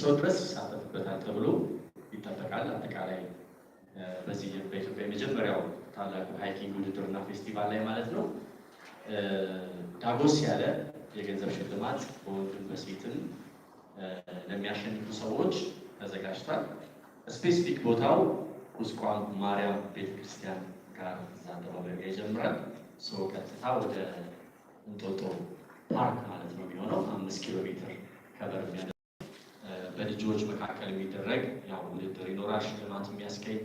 ሰው ድረስ ይሳተፍበታል ተብሎ ይጠበቃል። አጠቃላይ በዚህ በኢትዮጵያ የመጀመሪያው ታላቁ ሃይኪንግ ውድድርና ፌስቲቫል ላይ ማለት ነው ዳጎስ ያለ የገንዘብ ሽልማት በወንድም በሴትም ለሚያሸንፉ ሰዎች ተዘጋጅቷል። ስፔሲፊክ ቦታው ቁስቋም ማርያም ቤተክርስቲያን ጋር እዛ አደባባይ ጋር ይጀምራል። ሰው ቀጥታ ወደ እንጦጦ ፓርክ ማለት ነው የሚሆነው አምስት ኪሎ ሜትር ከበር በልጆች መካከል የሚደረግ ያው ውድድር ይኖራል፣ ሽልማት የሚያስገኝ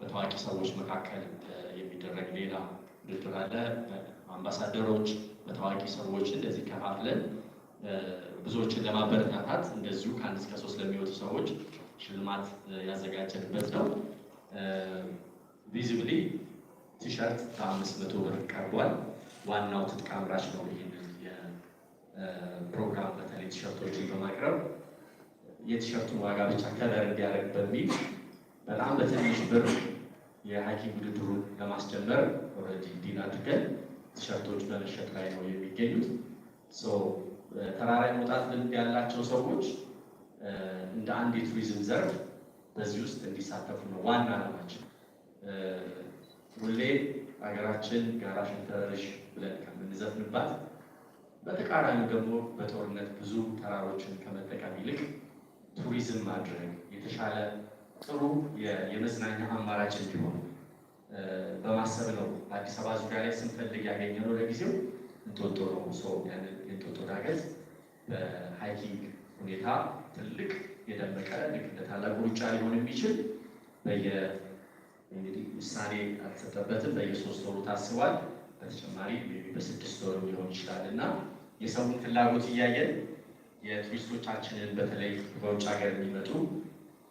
በታዋቂ ሰዎች መካከል የሚደረግ ሌላ ውድድር አለ። አምባሳደሮች በታዋቂ ሰዎች እንደዚህ ከፋፍለን ብዙዎችን ለማበረታታት እንደዚሁ ከአንድ እስከ ሶስት ለሚወጡ ሰዎች ሽልማት ያዘጋጀንበት ነው። ቪዚብሊ ቲሸርት በአምስት መቶ ብር ቀርቧል። ዋናው ትጥቅ አምራች ነው። ይህንን የፕሮግራም በተለይ ቲሸርቶችን በማቅረብ የቲሸርቱን ዋጋ ብቻ ከበር እንዲያደርግ በሚል በጣም በትንሽ ብር የሀኪም ውድድሩን ለማስጀመር ኦልሬዲ ዲል አድርገን ቲሸርቶች በመሸጥ ላይ ነው የሚገኙት። ተራራ መውጣት ልምድ ያላቸው ሰዎች እንደ አንድ የቱሪዝም ዘርፍ በዚህ ውስጥ እንዲሳተፉ ነው ዋና ዓላማችን። ሁሌ ሀገራችን ጋራ ሸንተረሽ ብለን ከምንዘፍንባት በተቃራኒ ደግሞ በጦርነት ብዙ ተራሮችን ከመጠቀም ይልቅ ቱሪዝም ማድረግ የተሻለ ጥሩ የመዝናኛ አማራጭ እንዲሆን በማሰብ ነው። አዲስ አበባ ዙሪያ ላይ ስንፈልግ ያገኘ ነው። ለጊዜው እንጦጦ ነው። ሰው ያንን የእንጦጦ ዳገት በሃይኪንግ ሁኔታ ትልቅ የደመቀ ልክ እንደ ታላቁ ሩጫ ሊሆን የሚችል በየ እንግዲህ ውሳኔ አልተሰጠበትም። በየሶስት ወሩ ታስቧል። በተጨማሪ በስድስት ወሩ ሊሆን ይችላል እና የሰውን ፍላጎት እያየን የቱሪስቶቻችንን በተለይ በውጭ ሀገር የሚመጡ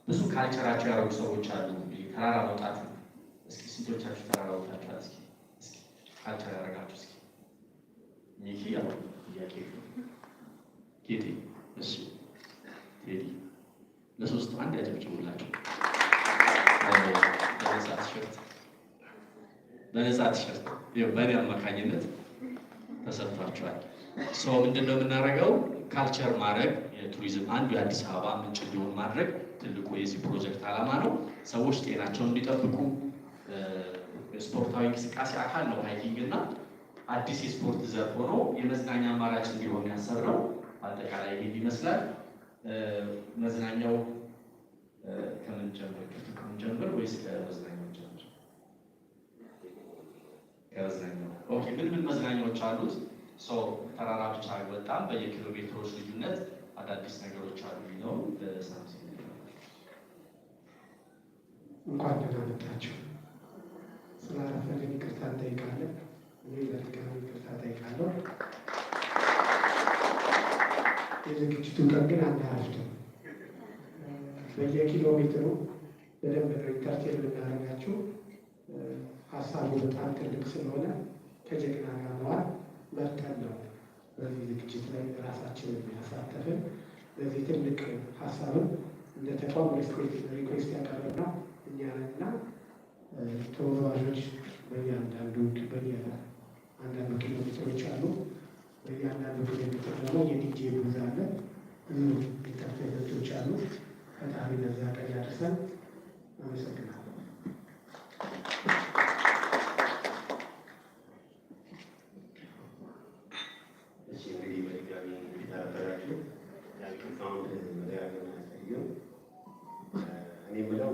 ብዙ ካልቸራቸው ያደረጉ ሰዎች አሉ። ተራራ መውጣት እስኪ ስንቶቻችሁ ተራራ ወጣችኋል? እስኪ ካልቸር ያደረጋችሁ እስኪ ሚኪ ያው ጥያቄ ጌጤ እሱ ቴዲ አንድ ያጨብጭቡላቸው። በነጻ ቲሸርት በነጻ ቲሸርት በእኔ አማካኝነት ተሰጥቷቸዋል። ሰው ምንድን ነው የምናደርገው? ካልቸር ማድረግ የቱሪዝም አንዱ የአዲስ አበባ ምንጭ እንዲሆን ማድረግ ትልቁ የዚህ ፕሮጀክት ዓላማ ነው። ሰዎች ጤናቸውን እንዲጠብቁ ስፖርታዊ እንቅስቃሴ አካል ነው ሃይኪንግ እና አዲስ የስፖርት ዘርፍ ሆኖ የመዝናኛ አማራጭ እንዲሆን ያሰራው አጠቃላይ ይህ ይመስላል። መዝናኛው ከምን ጀምር ከምን ጀምር ወይስ ከመዝናኛው ጀምር? ከመዝናኛው ኦኬ። ምን ምን መዝናኛዎች አሉት? ሰው ተራራ ብቻ አይወጣም። በየኪሎ ሜትሮች ልዩነት አዳዲስ ነገሮች አሉ የሚለው በሳምሲ እንኳን ደህና መጣችሁ። ስለ ይቅርታ እንጠይቃለን። እኔ ለድጋሚ ይቅርታ እጠይቃለሁ። ቀን ግን በየኪሎ ሜትሩ በደንብ ነው ኢንተርቴን የምናደርጋችሁ። ሀሳቡ በጣም ትልቅ ስለሆነ ከጀግና ጋር ነዋል መርከብ ነው በዚህ ዝግጅት ላይ ራሳችን የሚያሳተፍን በዚህ ትልቅ ሀሳብም እንደ ተቋም ሪኩዌስት ያቀረብና እኛንና ተወዛዋዦች በእያንዳንዱ አንዳንዱ ኪሎ ሜትሮች አሉ። በእያንዳንዱ ኪሎ ሜትር ደግሞ የዲጄ ብዛ አለ። ብዙ ኢንተርቴንመንቶች አሉ። ፈጣሪ ለዛ ቀን ያደርሰን። አመሰግናለሁ።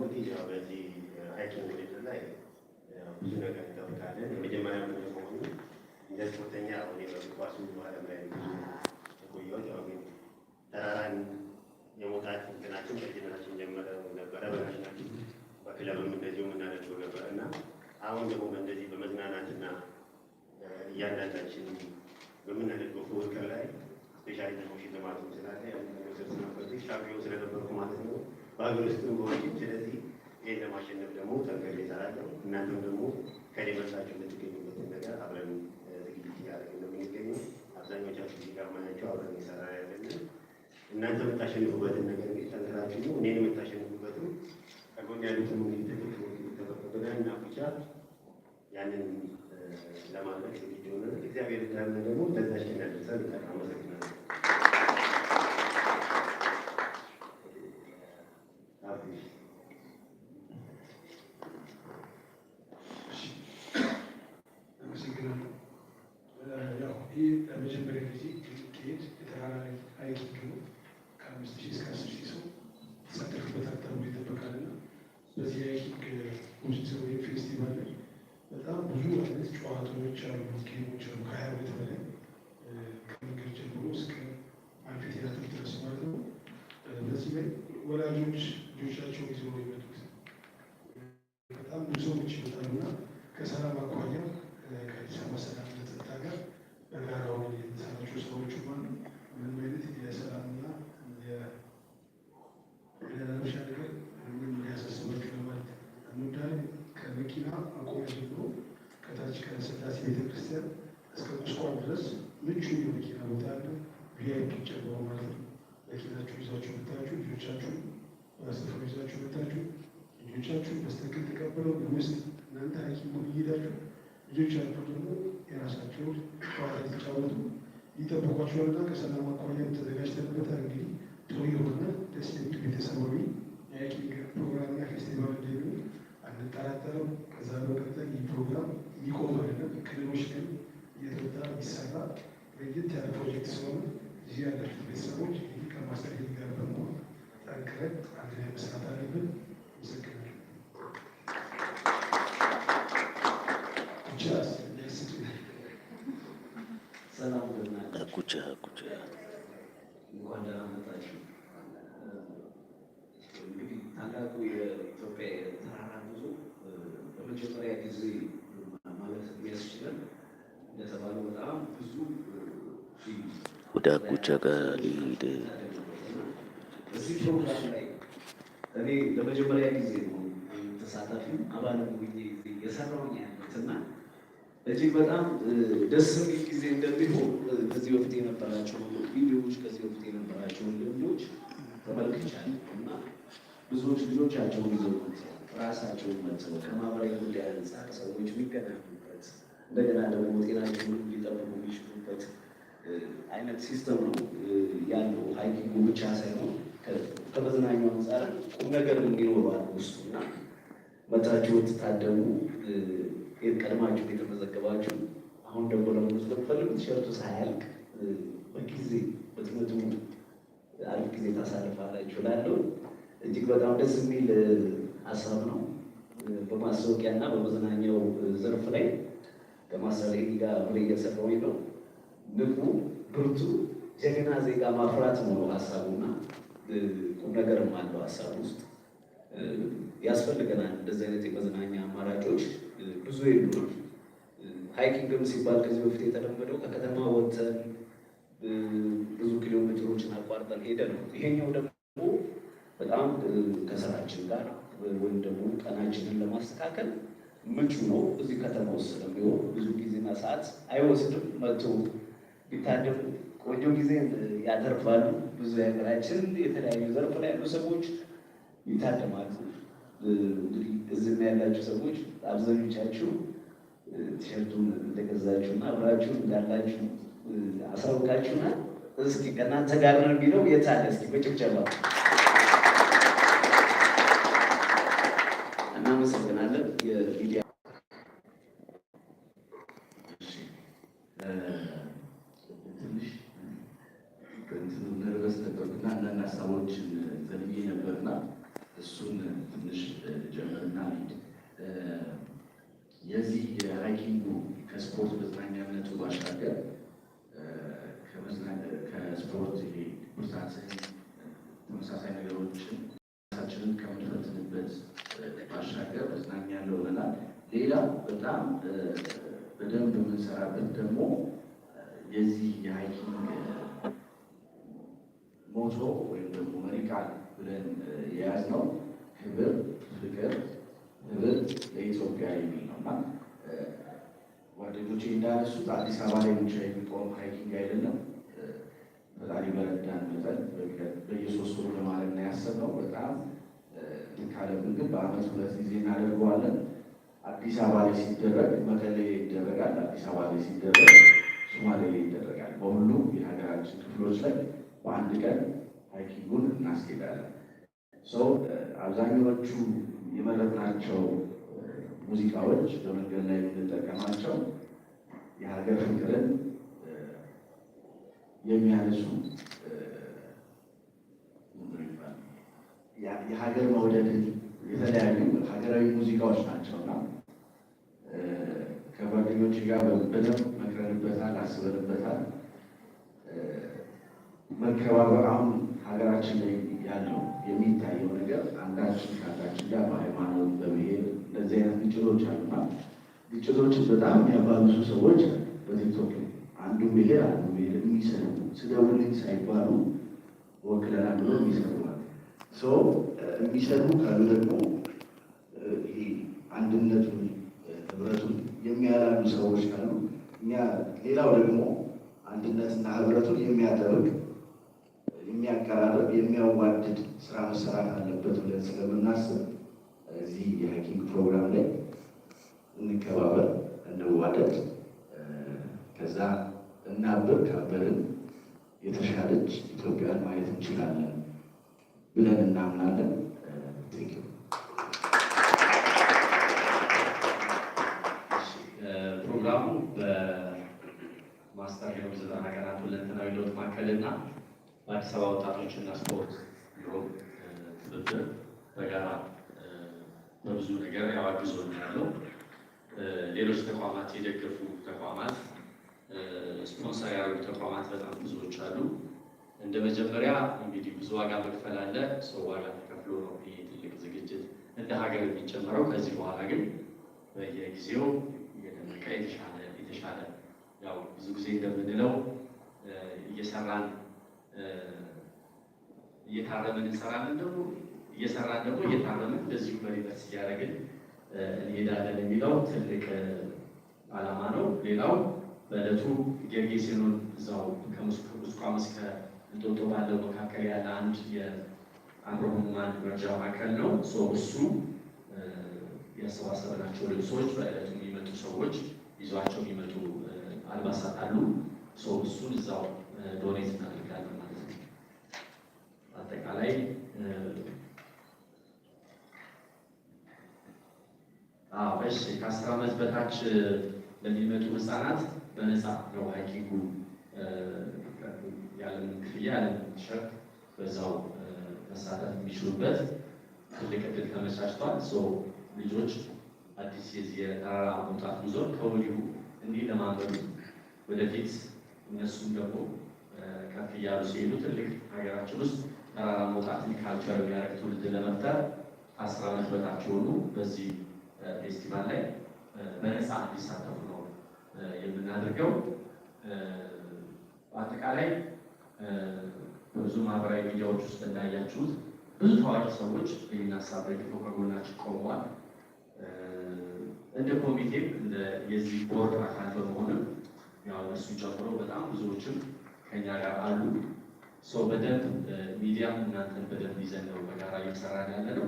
እንግዲህ ያው በዚህ ሀይኪንግ ውድድር ላይ ብዙ ነገር እንጠብቃለን። የመጀመሪያ በመሆኑ እንደ ስፖርተኛ ሁኔ በኳሱ ዓለም ላይ ብዙ የቆየሁት ያው ግን ተራራን የመውጣት እንትናችን ከልጅነታችን ጀመረ ነበረ። በናሽናችን በክለብም እንደዚሁ የምናደርገው ነበረ እና አሁን ደግሞ በእንደዚህ በመዝናናት በመዝናናትና እያንዳንዳችን በምናደርገው ፉክክር ላይ ስፔሻሊ ደግሞ ሽልማቱም ስላለ ያ ሻምፒዮን ስለነበርኩ ማለት ነው በሀገር ውስጥም በውጭ። ስለዚህ ይህን ለማሸነፍ ደግሞ ጠንከር ይሰራል እናንተም ደግሞ ከሌመሳቸው በርሳችሁ ነገር አብረን ዝግጅት እያደረግ ነው የምንገኘው። አብዛኞቻችሁ እዚህ አብረን ይሰራ ያለን እናንተ የምታሸንፉበትን ነገር እንግዲህ ጠንክራችሁ ነው እኔን የምታሸንፉበትም ከጎን ያሉትም እንግዲህ ትልቅ ተበቅበናል እና ብቻ ያንን ለማድረግ ዝግጅ ሆነ እግዚአብሔር እንዳለ ደግሞ ለዛ ሽናደሰ አመሰግናለሁ። ቡፌዎች አሉ፣ ቡኬዎች ከሀያ ቤት በላይ ከምግብ ጀምሮ እስከ አምፊቴያትር ድረስ ማለት ነው። በዚህ ላይ ወላጆች ልጆቻቸውን ይዞ ከታች ከስላሴ ቤተክርስቲያን እስከ ቁስቋም ድረስ ምቹ የመኪና ቦታ ያለው ቪአይፒ ጨምሮ ማለት ነው። መኪናችሁ ይዛችሁ መታችሁ፣ ልጆቻችሁ በስፍራ ይዛችሁ መታችሁ፣ ልጆቻችሁ በስተቀኝ ተቀብለው ውስጥ እናንተ ሐኪም ሆን እየሄዳችሁ ልጆቻችሁ ደግሞ የራሳቸውን ጨዋታ የተጫወቱ ይጠብቋቸዋልና ከሰላም አኳያ ተዘጋጅተንበታል። እንግዲህ ጥሩ የሆነ ደስ የሚል ቤተሰባዊ የሐኪም ፕሮግራምና ፌስቲቫል እንደሚሆን አንጠራጠርም። ከዛ በመቀጠል ይህ ፕሮግራም የሚቆም አይደለም። ክልሎች ግን እየተወጣ የሚሰራ ለየት ያለ ፕሮጀክት ስለሆነ እዚህ ያላችሁ ቤተሰቦች ይህ ከማስተዳደር ጋር በመሆን ጠንክረን አንድ ላይ መስራት አለብን። ምስግናል ጉቻ ጉቻ ለመጀመሪያ ጊዜ ማለት የሚያስችለን እንደተባለው በጣም ብዙ ወደ አጎቻ ጋር ሊሄድ እዚህ ፕሮግራም ላይ እኔ ለመጀመሪያ ጊዜ ነው ተሳታፊም አባልም ሆኜ የሰራሁኝ ያለትና እጅግ በጣም ደስ የሚል ጊዜ እንደሚሆን ከዚህ በፊት የነበራቸው ቪዲዮዎች ከዚህ በፊት የነበራቸውን ልምዶች ተመልክቻለሁ እና ብዙዎች ልጆቻቸውን ይዘው ራሳቸውን መጥተው ከማህበራዊ ጉዳይ አንጻር ሰዎች የሚገናኙበት እንደገና ደግሞ ጤናቸውን ሊጠብቁ የሚችሉበት አይነት ሲስተም ነው ያለው። ሀይኪንጉ ብቻ ሳይሆን ከመዝናኙ አንጻር ቁም ነገር እንዲኖረዋል ውስጡ እና መጥራችሁ ብትታደሙ ቀድማችሁ የተመዘገባችሁ አሁን ደግሞ ለመኖር ስለምፈልግ ቲሸርቱ ሳያልቅ በጊዜ በትምህርቱ አሪፍ ጊዜ ታሳልፋላችሁ ላለው እጅግ በጣም ደስ የሚል ሀሳብ ነው። በማስታወቂያ እና በመዝናኛው ዘርፍ ላይ በማስተዳደር ጋ ብሬ ነው። ንቁ፣ ብርቱ፣ ጀግና ዜጋ ማፍራት ነው ሀሳቡና ቁም ነገርም አለው ሀሳብ ውስጥ ያስፈልገናል። እንደዚህ አይነት የመዝናኛ አማራጮች ብዙ የሉም። ሀይኪንግም ሲባል ከዚህ በፊት የተለመደው ከከተማ ወጥተን ብዙ ኪሎ ሜትሮችን አቋርጠን ሄደ ነው። ይሄኛው ደግሞ በጣም ከስራችን ጋር ወይም ደግሞ ቀናችንን ለማስተካከል ምቹ ነው። እዚህ ከተማ ውስጥ ስለሚሆን ብዙ ጊዜና ሰዓት አይወስድም። መቶ ቢታደሙ ቆንጆ ጊዜ ያደርፋሉ። ብዙ የሀገራችን የተለያዩ ዘርፍ ላይ ያሉ ሰዎች ይታደማሉ። እንግዲህ እዚህም ያላችሁ ሰዎች አብዛኞቻችሁ ቲሸርቱን እንደገዛችሁና አብራችሁ እንዳላችሁ አሳውቃችሁናል። እስኪ ከእናንተ ጋር ነው የሚለው የታለ እስኪ በጭብጨባ ሀሳቦችን ዘልዬ ነበርና እሱን ትንሽ ጀምርና ሄድ የዚህ የሀይኪንጉ ከስፖርት መዝናኛነቱ ባሻገር ከስፖርት ብርታትን ተመሳሳይ ነገሮችን ራሳችንን ከምንፈትንበት ባሻገር መዝናኛ ያለው ብለናል። በጣም በደንብ የምንሰራበት ደግሞ የዚህ የሀይኪንግ ሞቶ ወይም ደግሞ መሪ ቃል ብለን የያዝነው ክብር፣ ፍቅር፣ ህብረት ለኢትዮጵያ የሚል ነው እና ጓደኞቼ እንዳነሱት አዲስ አበባ ላይ ብቻ የሚቆም ሀይኪንግ አይደለም። በጣም በረዳን መጠን በየሶስት ወሩ ለማለት ነው ያሰብነው። በጣም ካለብን ግን በአመት ሁለት ጊዜ እናደርገዋለን። አዲስ አበባ ላይ ሲደረግ መቀሌ ይደረጋል። አዲስ አበባ ላይ ሲደረግ ሶማሌ ላይ ይደረጋል። በሁሉም የሀገራችን ክፍሎች ላይ በአንድ ቀን ሀይኪንጉን እናስኬዳለን። ሰው uh, አብዛኛዎቹ የመረጥናቸው uh, ሙዚቃዎች በመንገድ ላይ የምንጠቀማቸው የሀገር ፍቅርን uh, የሚያነሱ የሀገር መውደድን የተለያዩ ሀገራዊ ሙዚቃዎች ናቸውና ከጓደኞች ጋር በደንብ መክረንበታል፣ አስበንበታል። መከባበር አሁን ሀገራችን ላይ ያለው የሚታየው ነገር አንዳችን ከአንዳችን ጋር በሃይማኖት በብሔር እንደዚህ አይነት ግጭቶች አሉና ግጭቶችን በጣም የሚያባብሱ ሰዎች በቲክቶክ አንዱ ብሔር አንዱ ብሔር የሚሰሩ ስደውልኝ ሳይባሉ ወክለና ብሎ የሚሰሩ ሰው የሚሰሩ ካሉ ደግሞ አንድነቱን ህብረቱን የሚያላሉ ሰዎች ካሉ እኛ ሌላው ደግሞ አንድነትና ህብረቱን የሚያደርግ የሚያቀራረብ የሚያዋድድ ስራ መሰራት አለበት ብለን ስለምናስብ እዚህ የሀኪንግ ፕሮግራም ላይ እንከባበር፣ እንዋደድ፣ ከዛ እናብር። ካበርን የተሻለች ኢትዮጵያን ማየት እንችላለን ብለን እናምናለን። ፕሮግራሙ በማስተር ዘጠና ቀናት ሁለንተናዊ ለውጥ ማዕከልና በአዲስ አበባ ወጣቶችና ስፖርት ቢሮ ትብብር በጋራ በብዙ ነገር ያዋግዞ ያለው ሌሎች ተቋማት የደገፉ ተቋማት ስፖንሰር ያሉ ተቋማት በጣም ብዙዎች አሉ። እንደ መጀመሪያ እንግዲህ ብዙ ዋጋ መክፈል አለ። ሰው ዋጋ ተከፍሎ ነው ይህ ትልቅ ዝግጅት እንደ ሀገር የሚጀመረው። ከዚህ በኋላ ግን በየጊዜው እየደመቀ የተሻለ የተሻለ ያው ብዙ ጊዜ እንደምንለው እየሰራን እየታረምን እንሰራለን ደግሞ እየሰራን ደግሞ እየታረምን እንደዚሁ በሪቨርስ እያደረግን እንሄዳለን የሚለው ትልቅ ዓላማ ነው። ሌላው በዕለቱ ጌርጌሴኖን እዛው ከቁስቋም እስከ እንጦጦ ባለው መካከል ያለ አንድ የአእምሮ ሕሙማን መርጃ ማዕከል ነው። እሱ ያሰባሰበናቸው ልብሶች በዕለቱ የሚመጡ ሰዎች ይዟቸው የሚመጡ አልባሳት አሉ። እሱን እዛው ዶኔት እናደርጋለን። እሺ ከአስር ዓመት በታች ለሚመጡ ህፃናት በነፃ ነው ሀይኪንጉ ያለን ክፍያ ያለን ሸርት በዛው መሳተፍ የሚችሉበት ትልቅ እድል ተመቻችቷል። ልጆች አዲስ የዚህ የተራራ መውጣት ጉዞ ከወዲሁ እንዲህ ለማመዱ ወደፊት እነሱም ደግሞ ከፍ እያሉ ሲሄዱ ትልቅ ሀገራችን ውስጥ ተራራ መውጣት ካልቸር የሚያደርግ ትውልድ ለመፍጠር አስር ዓመት በታች የሆኑ በዚህ ፌስቲቫል ላይ በነፃ እንዲሳተፉ ነው የምናደርገው። በአጠቃላይ ብዙ ማህበራዊ ሚዲያዎች ውስጥ እንዳያችሁት ብዙ ታዋቂ ሰዎች ይህን ሀሳብ ደግፎ ከጎናችን ቆመዋል። እንደ ኮሚቴም የዚህ ቦርድ አካል በመሆንም ያው እሱ ጨምሮ በጣም ብዙዎችም ከኛ ጋር አሉ። ሰው በደንብ ሚዲያም እናንተን በደንብ ይዘን ነው በጋራ እየሰራን ያለ ነው።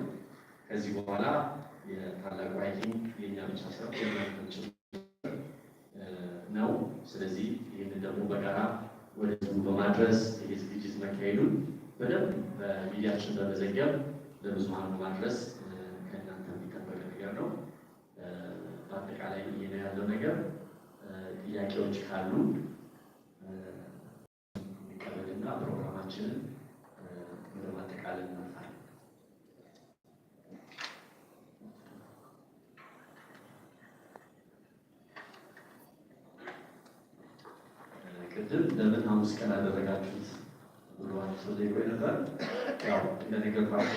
ከዚህ በኋላ የታላቁ ሀይኪንግ የኛ ብቻ ሳይሆን የእናንተን ነው። ስለዚህ ይህንን ደግሞ በጋራ ወደ ህዝቡ በማድረስ ይህ ዝግጅት መካሄዱን በደንብ በሚዲያችን በመዘገብ ለብዙሀን በማድረስ ከእናንተ የሚጠበቅ ነገር ነው። በአጠቃላይ ይህ ነው ያለው ነገር። ጥያቄዎች ካሉ good luck.